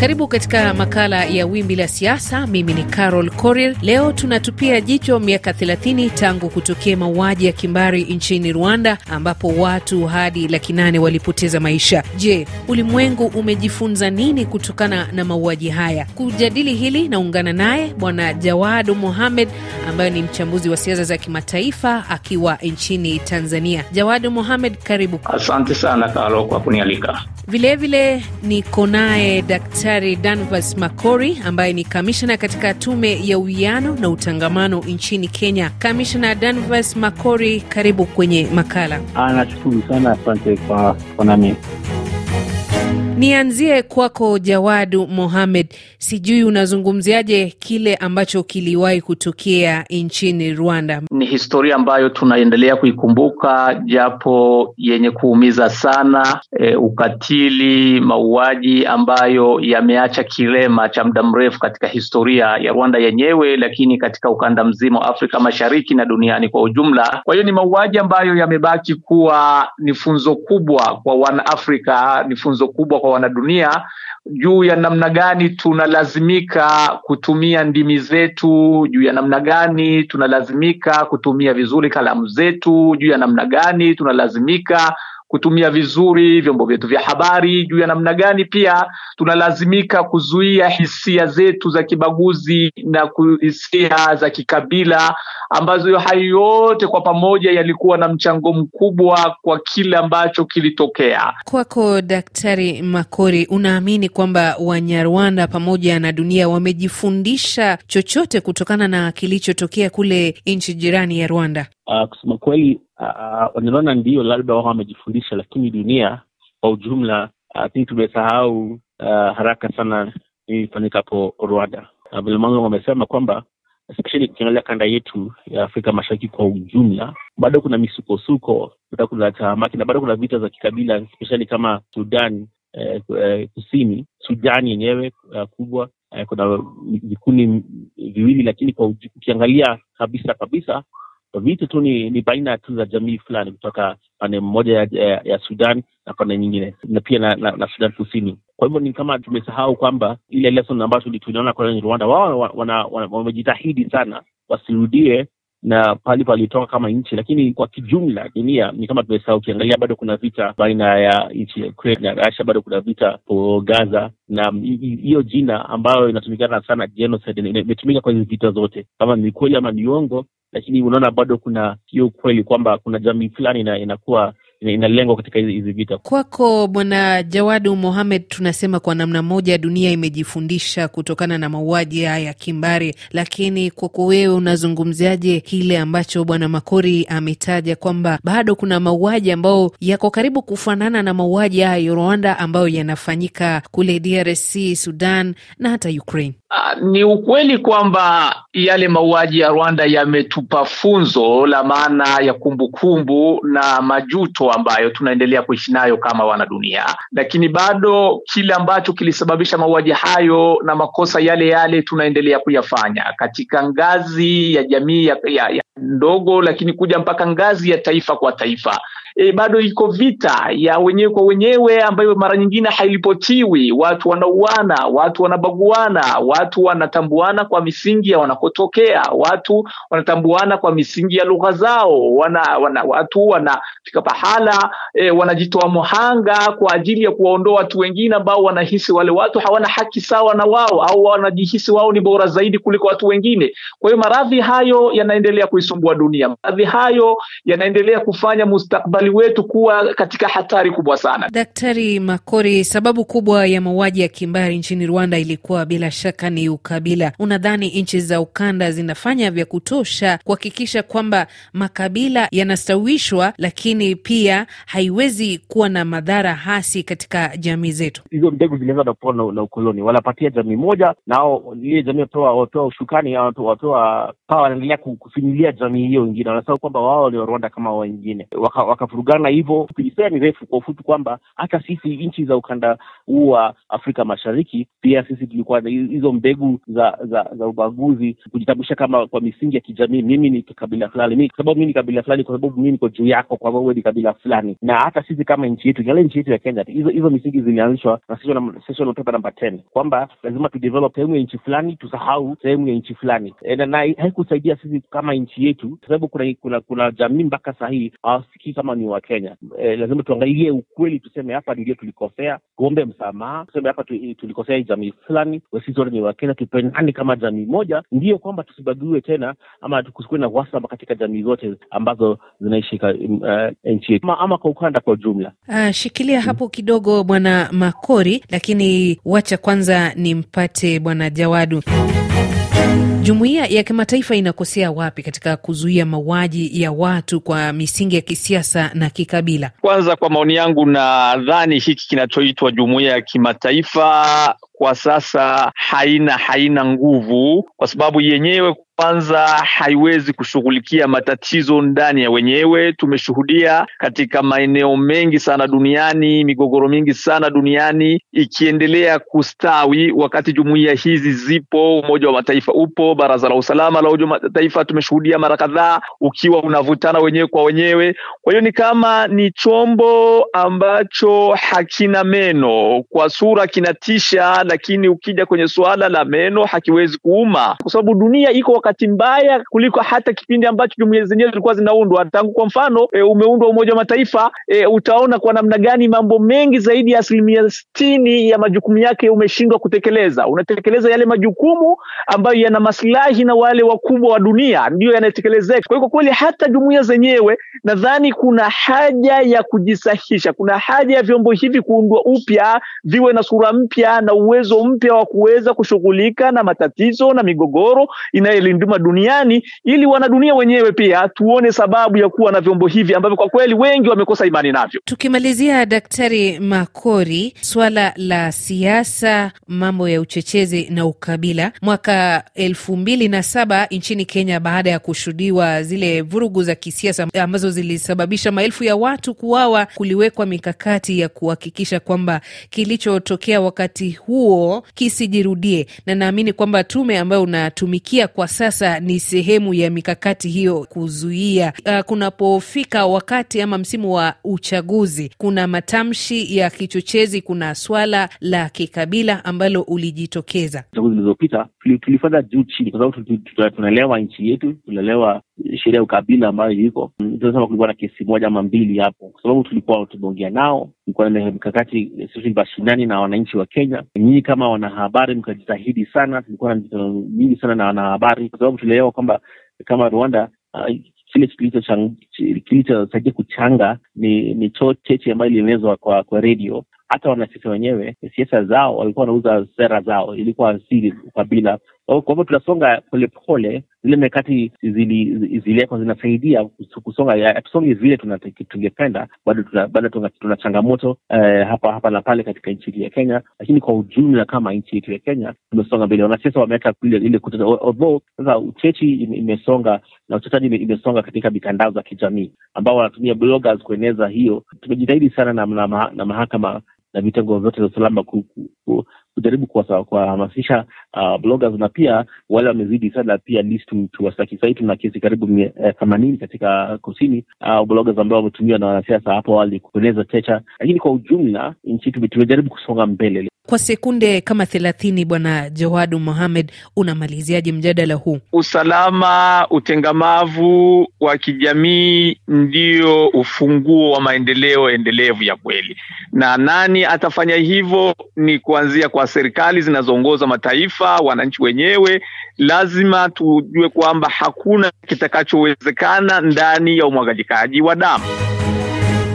Karibu katika makala ya Wimbi la Siasa. Mimi ni Carol Korir. Leo tunatupia jicho miaka 30 tangu kutokea mauaji ya kimbari nchini Rwanda, ambapo watu hadi laki nane walipoteza maisha. Je, ulimwengu umejifunza nini kutokana na mauaji haya? Kujadili hili, naungana naye Bwana Jawadu Mohamed ambaye ni mchambuzi wa siasa za kimataifa akiwa nchini Tanzania. Jawadu Mohamed, karibu. Asante sana Carol kwa kunialika. Vilevile niko naye Daktari Danvas Makori ambaye ni kamishna katika tume ya uwiano na utangamano nchini Kenya. Kamishna Danvas Makori, karibu kwenye makala. Ah, nashukuru sana, asante kwa nami Nianzie kwako Jawadu Mohamed, sijui unazungumziaje kile ambacho kiliwahi kutokea nchini Rwanda? Ni historia ambayo tunaendelea kuikumbuka japo yenye kuumiza sana. E, ukatili, mauaji ambayo yameacha kilema cha muda mrefu katika historia ya Rwanda yenyewe, lakini katika ukanda mzima wa Afrika Mashariki na duniani kwa ujumla. Kwa hiyo ni mauaji ambayo yamebaki kuwa ni funzo kubwa kwa Wanaafrika, ni funzo kubwa kwa wanadunia juu ya namna gani tunalazimika kutumia ndimi zetu, juu ya namna gani tunalazimika kutumia vizuri kalamu zetu, juu ya namna gani tunalazimika kutumia vizuri vyombo vyetu vya habari juu ya namna gani pia tunalazimika kuzuia hisia zetu za kibaguzi na hisia za kikabila ambazo hayo yote kwa pamoja yalikuwa na mchango mkubwa kwa kile ambacho kilitokea. Kwako Daktari Makori, unaamini kwamba Wanyarwanda pamoja na dunia wamejifundisha chochote kutokana na kilichotokea kule nchi jirani ya Rwanda? Uh, kusema kweli uh, ndio labda wao wamejifundisha, lakini dunia kwa ujumla ah, lakini tumesahau haraka sana hapo Rwanda. Uh, wamesema kwamba especially ukiangalia kanda yetu ya Afrika Mashariki kwa ujumla, bado kuna misukosuko, bado kuna tahamaki na bado kuna vita za kikabila, especially kama Sudan eh, eh, Kusini, Sudan yenyewe kubwa eh, kuna vikundi viwili, lakini kwa ukiangalia kabisa kabisa Vita tu ni, ni baina tu za jamii fulani kutoka pande mmoja ya, ya, ya Sudan na pande nyingine na pia na, na, na Sudan Kusini. Kwa hivyo ni kama tumesahau kwamba ile lesson ambayo tuliona kwa Rwanda, wao wamejitahidi wa, wa, wa, wa, wa, wa, sana wasirudie na pali palitoka kama nchi, lakini kwa kijumla dunia ni kama tumesahau. Ukiangalia bado kuna vita baina ya nchi ya Ukraine na Russia, bado kuna vita po Gaza, na hiyo jina ambayo inatumikana sana genocide imetumika kwa hizi vita zote, kama ni kweli ama ni uongo, lakini unaona bado kuna hiyo ukweli kwamba kuna jamii fulani inakuwa inalengwa katika hizi vita. Kwako Bwana Jawadu Mohamed, tunasema kwa namna moja dunia imejifundisha kutokana na mauaji haya ya kimbari, lakini kwako wewe unazungumziaje kile ambacho Bwana Makori ametaja kwamba bado kuna mauaji ambayo yako karibu kufanana na mauaji haya ya Rwanda ambayo yanafanyika kule DRC, Sudan na hata Ukraine? Uh, ni ukweli kwamba yale mauaji ya Rwanda yametupa funzo la maana ya kumbukumbu kumbu na majuto ambayo tunaendelea kuishi nayo kama wanadunia, lakini bado kile ambacho kilisababisha mauaji hayo na makosa yale yale tunaendelea kuyafanya katika ngazi ya jamii ya, ya, ya ndogo lakini kuja mpaka ngazi ya taifa kwa taifa. E, bado iko vita ya wenyewe kwa wenyewe ambayo mara nyingine hailipotiwi. Watu wanauana, watu wanabaguana, watu wanatambuana kwa misingi ya wanakotokea, watu wanatambuana kwa misingi ya lugha zao, wana, wana, watu wanafika pahala e, wanajitoa muhanga kwa ajili ya kuwaondoa watu wengine ambao wanahisi wale watu hawana haki sawa na wao au wanajihisi wao ni bora zaidi kuliko watu wengine. Kwa hiyo maradhi hayo yanaendelea kuisumbua dunia. Baadhi hayo yanaendelea kufanya mustakbali wetu kuwa katika hatari kubwa sana. Daktari Makori, sababu kubwa ya mauaji ya kimbari nchini Rwanda ilikuwa bila shaka ni ukabila. Unadhani nchi za ukanda zinafanya vya kutosha kuhakikisha kwamba makabila yanastawishwa, lakini pia haiwezi kuwa na madhara hasi katika jamii zetu? Hizo mbegu zilianza na kupona na ukoloni, wanapatia jamii moja, nao ile jamii wapewa ushukani, watoa pawa, wanaendelea kufinyilia jamii hiyo wengine wanasema kwamba wao walio Rwanda kama wao wengine wakafurugana waka hivyo. Historia ni refu, kwa ufupi kwamba hata sisi nchi za ukanda huu wa Afrika Mashariki pia sisi tulikuwa hizo mbegu za za, za ubaguzi, kujitambulisha kama kwa misingi ya kijamii. Mimi ni kabila fulani, mimi sababu mimi ni kabila fulani, kwa sababu mimi niko juu yako, kwa sababu ni kabila fulani. Na hata sisi kama nchi yetu, angalia nchi yetu ya Kenya, hizo hizo misingi zilianzishwa na session paper number 10 kwamba lazima tudevelop sehemu ya nchi fulani, tusahau sehemu ya nchi fulani, eh, na haikusaidia sisi kama nchi yetu, sababu kuna, kuna kuna jamii mpaka saa hii hawasikii kama ni Wakenya. E, eh, lazima tuangalie ukweli, tuseme hapa ndio tulikosea, tuombe msamaha, tuseme hapa eh, tulikosea hii jamii fulani, sisi ni Wakenya, tupendane kama jamii moja, ndio kwamba tusibagiwe tena ama kusikuwe na uhasama katika jamii zote ambazo zinaishi uh, nchi yetu ama, ama kwa ukanda kwa ujumla. Uh, shikilia hapo kidogo Bwana Makori, lakini wacha kwanza nimpate Bwana Jawadu. Jumuiya ya kimataifa inakosea wapi katika kuzuia mauaji ya watu kwa misingi ya kisiasa na kikabila? Kwanza, kwa maoni yangu, nadhani hiki kinachoitwa jumuiya ya kimataifa kwa sasa haina haina nguvu kwa sababu yenyewe kwanza haiwezi kushughulikia matatizo ndani ya wenyewe. Tumeshuhudia katika maeneo mengi sana duniani migogoro mingi sana duniani ikiendelea kustawi wakati jumuiya hizi zipo. Umoja wa Mataifa upo, Baraza la Usalama la Umoja wa Mataifa tumeshuhudia mara kadhaa ukiwa unavutana wenyewe kwa wenyewe. Kwa hiyo ni kama ni chombo ambacho hakina meno, kwa sura kinatisha, lakini ukija kwenye suala la meno hakiwezi kuuma, kwa sababu dunia iko wakati mbaya kuliko hata kipindi ambacho jumuiya zenyewe zilikuwa zinaundwa. Tangu kwa mfano e, umeundwa Umoja wa Mataifa e, utaona kwa namna gani mambo mengi zaidi ya asilimia sitini ya majukumu yake umeshindwa kutekeleza. Unatekeleza yale majukumu ambayo yana maslahi na wale wakubwa wa dunia, ndiyo yanatekelezeka. Kwa hiyo kweli hata jumuiya zenyewe nadhani kuna haja ya kujisahisha, kuna haja ya vyombo hivi kuundwa upya, viwe na sura mpya na uwezo mpya wa kuweza kushughulika na matatizo na migogoro inayo vipima duniani, ili wanadunia wenyewe pia tuone sababu ya kuwa na vyombo hivi ambavyo kwa kweli wengi wamekosa imani navyo. Tukimalizia, Daktari Makori, swala la siasa, mambo ya uchochezi na ukabila, mwaka elfu mbili na saba nchini Kenya, baada ya kushuhudiwa zile vurugu za kisiasa ambazo zilisababisha maelfu ya watu kuwawa kuliwekwa mikakati ya kuhakikisha kwamba kilichotokea wakati huo kisijirudie, na naamini kwamba tume ambayo unatumikia kwa sasa sasa ni sehemu ya mikakati hiyo kuzuia. Uh, kunapofika wakati ama msimu wa uchaguzi, kuna matamshi ya kichochezi, kuna swala la kikabila ambalo ulijitokeza. zilizopita tulifanya juu chini, kwa sababu tunaelewa nchi yetu, tunaelewa sheria ya ukabila ambayo iko tunasema, mm, kulikuwa na kesi moja ama mbili hapo, kwa sababu tulikuwa tumeongea nao, kulikuwa na mikakati sisi mashinani na wananchi wa Kenya. Nyinyi kama wanahabari mkajitahidi sana, tulikuwa na mikutano mingi sana na wanahabari, kwa sababu tulielewa kwamba kama Rwanda ah, kile kilichosaidia kuchanga ni ni cheche ambayo ilienezwa kwa kwa redio. Hata wanasiasa wenyewe siasa zao walikuwa wanauza sera zao, ilikuwa asili ukabila kwa hivyo tunasonga polepole, zile mikakati ziliwekwa zinasaidia kusonga, hatusongi vile tungependa, bado tuna, bado tuna, tuna changamoto eh, hapa hapa na pale katika nchi yetu ya Kenya, lakini kwa ujumla kama nchi yetu ya Kenya tumesonga mbele. Wanasiasa wameweka ile although sasa uchechi imesonga na uchechaji imesonga katika mitandao za kijamii ambao wanatumia bloggers kueneza hiyo. Tumejitahidi sana na, na, na mahakama na vitengo vyote vya usalama kujaribu kuwahamasisha uh, bloggers na pia wale wamezidi sana pia list tuwastakisai. Tuna kesi karibu eh, themanini eh, katika kusini uh, bloggers ambao wametumiwa na wanasiasa hapo awali kueneza techa, lakini kwa ujumla nchi tumejaribu kusonga mbele. Kwa sekunde kama thelathini, Bwana Jawadu Mohamed, unamaliziaje mjadala huu? Usalama, utengamavu wa kijamii ndio ufunguo wa maendeleo endelevu ya kweli, na nani atafanya hivyo? Ni kuanzia kwa serikali zinazoongoza mataifa, wananchi wenyewe. Lazima tujue kwamba hakuna kitakachowezekana ndani ya umwagajikaji wa damu.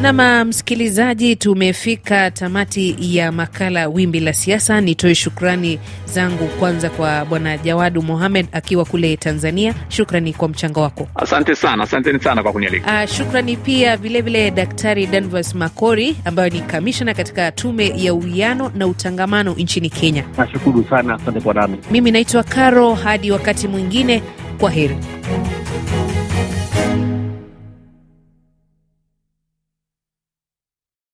Nam msikilizaji, tumefika tamati ya makala wimbi la siasa. Nitoe shukrani zangu kwanza kwa bwana Jawadu Mohamed akiwa kule Tanzania. Shukrani kwa mchango wako, asante sana. Asanteni sana kwa kunialika. Ah, shukrani pia vilevile vile Daktari danvas Makori ambayo ni kamishna katika tume ya uwiano na utangamano nchini Kenya. Nashukuru sana, asante kwa nami. Mimi naitwa Caro, hadi wakati mwingine, kwa heri.